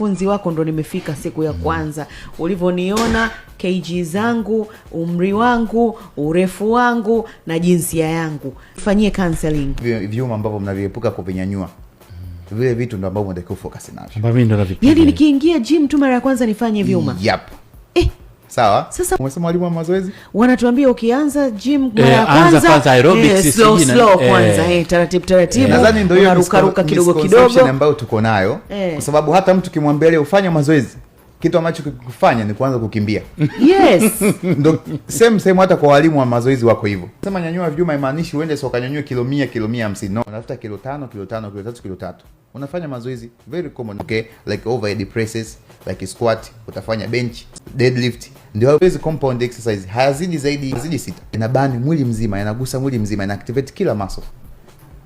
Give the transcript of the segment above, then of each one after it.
mwanafunzi wako ndo nimefika siku ya kwanza, ulivyoniona kg zangu, umri wangu, urefu wangu na jinsia yangu, fanyie counseling. Vyuma ambavyo mnaviepuka kuvinyanyua vile vitu ndo ambavyo natakiwa ufokasi navyo. Yaani nikiingia gym tu mara ya kwanza nifanye vyuma. Yep. Eh. Sawa. Sasa umesema walimu wa mazoezi wanatuambia ukianza gym eh, mara ya kwanza kwanza aerobics eh, slow, slow eh, kwanza eh, taratibu taratibu. Eh, nadhani ndio hiyo ruka ruka kidogo kidogo ambayo tuko nayo eh, kwa sababu hata mtu kimwambia leo ufanye mazoezi kitu ambacho kikufanya ni kuanza kukimbia. Yes. Ndo same same hata kwa walimu wa mazoezi wako hivyo. Sema nyanyua vyuma imaanishi uende sokanyanyue nyanyue kilo 100 kilo 150. No, unafuta kilo 5 kilo 5 kilo 3 kilo 3 unafanya mazoezi very common okay like overhead presses like squat utafanya bench deadlift ndio hizo compound exercise hazidi zaidi hazidi sita inabani mwili mzima inagusa mwili mzima ina activate kila muscle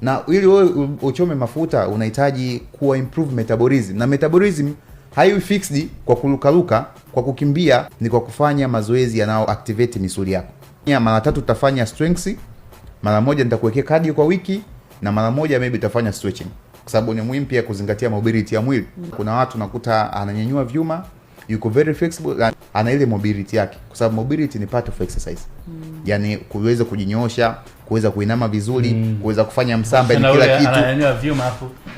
na ili wewe uchome mafuta unahitaji kuwa improve metabolism na metabolism haiwi fixed kwa kulukaluka kwa kukimbia ni kwa kufanya mazoezi yanao activate misuli yako ya mara tatu utafanya strengths mara moja nitakuwekea cardio kwa wiki na mara moja maybe utafanya stretching kwa sababu ni muhimu pia kuzingatia mobility ya mwili. Kuna watu nakuta ananyanyua vyuma yuko very flexible, ana ile mobility yake, kwa sababu mobility ni part of exercise mm. Yani kuweza kujinyosha, kuweza kuinama vizuri mm. kuweza kufanya msamba ni kila kitu ya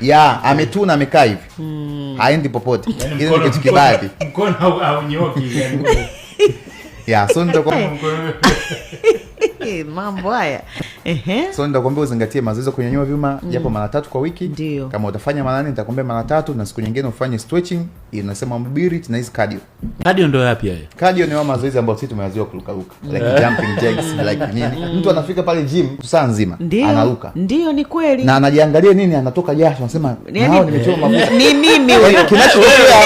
yeah, ametuna amekaa hivi mm. haendi popote yani, ile ni kitu kibadi mkono au nyoki yani yeah, so ndio kwa hey, mambo haya so nitakuambia uzingatie mazoezi ya kunyanyua vyuma mm. japo mm. mara tatu kwa wiki ndio kama utafanya mara nne nitakuambia mara tatu na siku nyingine ufanye stretching inasema mbiri na hizi cardio cardio ndio yapi haya cardio ni mazoezi ambayo sisi tumeanzia kurukaruka mm. like jumping jacks mm. like nini mtu anafika pale gym saa nzima Ndiyo. anaruka ndio ni kweli na anajiangalia nini anatoka jasho anasema yaani, nao nimechoma mafuta ni mimi huyo kinachotokea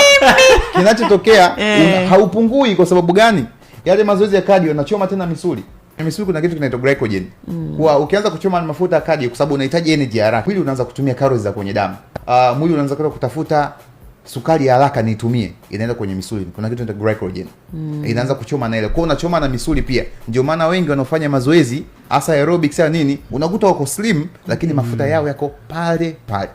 kinachotokea eh. haupungui kwa sababu gani yale mazoezi ya cardio yanachoma tena misuli Misuli kuna kitu kinaitwa glycogen. Mm. Kwa ukianza kuchoma mafuta kaji kwa sababu unahitaji energy haraka. Mwili unaanza kutumia calories za kwenye damu. Uh, mwili unaanza kwenda kutafuta sukari ya haraka niitumie, inaenda kwenye misuli. Kuna kitu kinaitwa glycogen. Mm. Inaanza kuchoma na ile. Kwa unachoma na misuli pia. Ndio maana wengi wanaofanya mazoezi hasa aerobics ya nini, unakuta wako slim lakini mm. mafuta yao yako pale pale.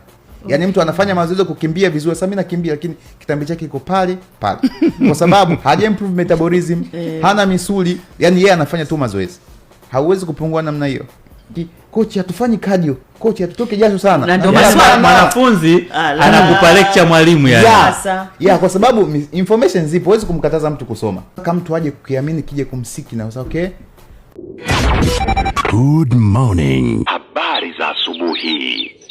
Yaani mtu anafanya mazoezi kukimbia vizuri, sasa mimi nakimbia lakini kitambi chake kiko pale pale. Kwa sababu haja improve metabolism, hana misuli, yaani yeye anafanya tu mazoezi. Hauwezi kupungua namna hiyo. Kochi hatufanyi cardio, kochi hatutoke jasho sana. Na ndio yaani maana mwanafunzi anakupa lecture mwalimu yani. Ya, ya kwa sababu information zipo, huwezi kumkataza mtu kusoma. Kama mtu aje kukiamini kije kumsiki na usao okay. Good morning. Habari za asubuhi.